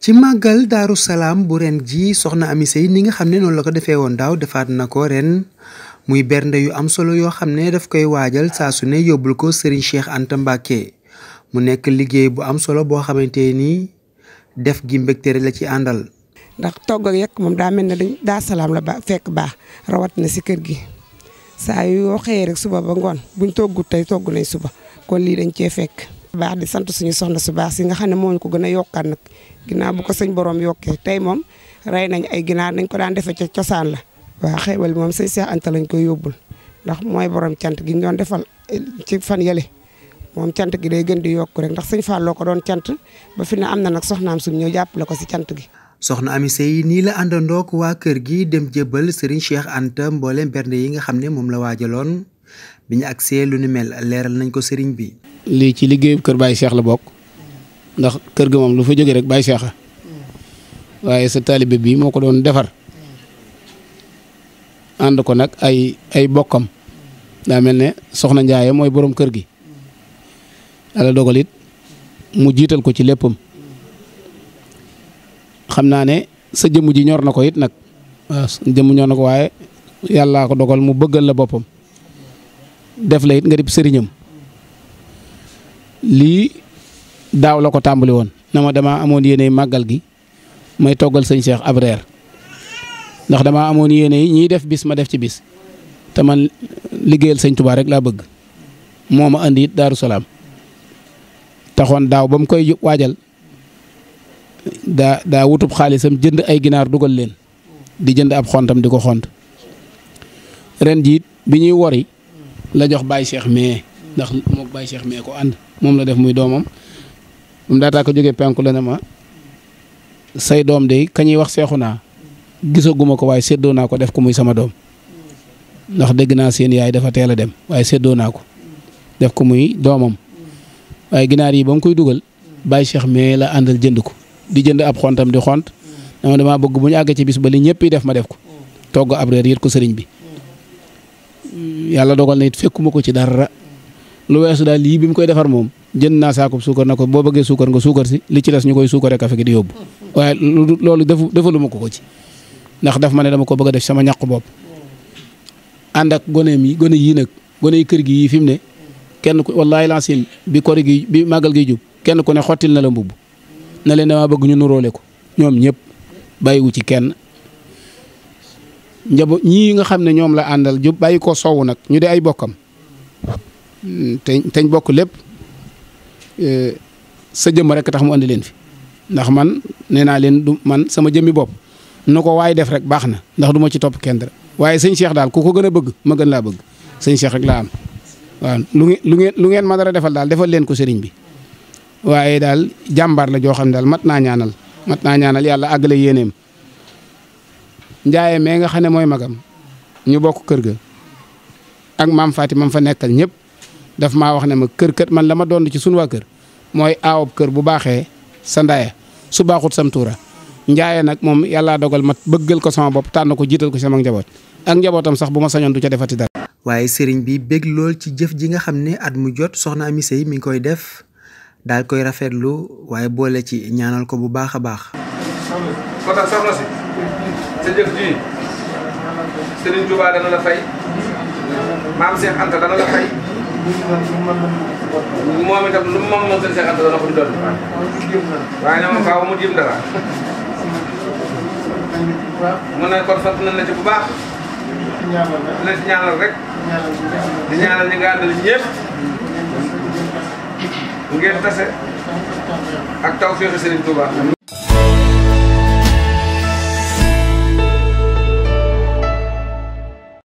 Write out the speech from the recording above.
ci màggal daaru salaam bu ren ji soxna Amy Seye ni nga xam ne noonu la ko defee woon daaw defaat na ko ren muy bernde yu am solo yoo xam ne daf koy waajal saa su ne yóbbul ko Serigne Cheikh Anta Mbacké mu nekk liggéey bu am solo boo xamante nii def gi mbégte la ci àndal. ndax togg ak yekk moom daa mel ne dañ daa salaam la ba fekk baax rawat na si kër gi saa yoo xëyee suba ba ngoon buñ toggut tey togg nañ suba kon lii dañ cee fekk. baax di sant suñu soxna su baax si nga xam ne moo ko gën a yokkaat nag ginnaaw bu ko sëñ borom yokkee tey moom rey nañ ay ginaar nañ ko daan defee ca cosaan la waaw xéewal moom sëñ Cheikh Anta lañ koy yóbbul ndax mooy borom cant gi ñu doon defal ci fan yële moom cant gi day gën di yokk rek ndax sëñ Fallou ko doon cant ba fi ne am na nag soxnaam suñu ñëw jàppale ko si cant gi. soxna Amy Seye nii la àndandoog waa kër gi dem jébbal Serigne Cheikh Anta mboolem bernde yi nga xam ne moom la waajaloon bi ñu agsee lu ni mel leeral nañ ko sëriñ bi. lii ci liggéeyu kër Baye Cheikh la bokk ndax kër gi moom lu fa jógee rek bay Cheikh waaye sa taalibe bii moo ko doon defar ànd ko nag ay ay bokkam daa mel ne soxna Njaaye mooy boroom kër gi ala dogalit mu jiital ko ci léppam xam naa ne sa jëmm ji ñor na ko it nag jëmm ñor na ko waaye yàllaa ko dogal mu bëggal la boppam def la it nga dib sëriñam lii daaw la ko tàmbali woon na ma damaa amoon yéene màggal gi may toggal sañ Cheikh ab reer ndax damaa amoon yéene ñuy def bis ma def ci bis te man liggéeyal sëñ Touba rek laa bëgg moo ma andi it Daaru taxoon daaw ba mu koy waajal daa daa wutub xaalisam jënd ay ginaar dugal leen di jënd ab xontam di ko xont ren jiit bi ñuy wori la jox baay Cheikh mais ndax moog Baye Cheikh mais ko ànd. moom la def muy doomam moom daataa ko jógee penku la ne ma say doom de kañuy wax seexu naa gisaguma ko waaye seddoo naa ko def ko muy sama doom ndax dégg naa seen yaay dafa teel a dem waaye séddoo naa ko def ko muy doomam waaye ginaar yi ba mu koy dugal bàyyi Cheikh mais la àndal jënd ko di jënd ab xontam di xont dama damaa bëgg bu ñu ci bis ba li ñëpp def ma def ko togg ab reer yët ko sëriñ bi yàlla dogal na it fekkuma ko ci dara lu weesu daal lii bi mu koy defar moom jënd naa saakub suukar na ko boo bëggee suukar nga suukar si li ci des ñu koy suukaree kafe gi di yóbbu waaye loolu defu defaluma ko ko ci ndax daf ma ne dama ko bëgg def sama ñàq bopp ànd ak goneem yi gone yii nag gone yi kër gi yii fi mu ne kenn ku wallaahi lancin gi bi màggal gi jub kenn ku ne xottil na la mbubb na leen damaa bëgg ñu nuroole ko ñoom ñëpp bàyyiwu ci kenn njabo ñii nga xam ne ñoom la àndal jub bàyyi ko sowu nag ñu de ay bokkam teñ teñ bokk lépp e, sa jëmm rek tax mu àndi leen fi ndax man nee naa leen du man sama jëmmi bopp na ko waaye def rek baax na ndax duma ci topp kenn dara waaye sëñ Cheikh daal ku ko gën a bëgg ma gën laa bëgg sëñ Cheikh rek laa am waaw lu ngeen lu ngeen lu ngeen ma dara defal daal defal leen ko sëriñ bi waaye daal jàmbaar la joo xam ne daal mat naa ñaanal mat naa ñaanal yàlla àggale yéeneem njaaye mee nga xam ne mooy magam ñu bokk kër ga ak maam Faati mam fa nekkal ñëpp daf maa wax ne ma kër kër man la ma doon ci sunu waa kër mooy aawab kër bu baaxee sa ndaaya su baaxut sam tuura njaaye nag moom yàllaa dogal ma bëggal ko sama bopp tànn ko jiital ko sama njaboot ak njabootam sax bu ma sañoon du ca defati dara. waaye sëriñ bi bég lool ci jëf ji nga xam ne at mu jot soxna Amy Seye mi ngi koy def daal koy rafetlu waaye boole ci ñaanal ko bu baax a baax. moom itam lu moom moom seen seexante doon na ko di doon. waaye nag moom faaw mu jéem dara. mu ne kon sant nañ la baax. di leen ci rek. di ñaanal ñi nga àndal ñëpp. ngeen tase. ak taw féexi Serigne Touba.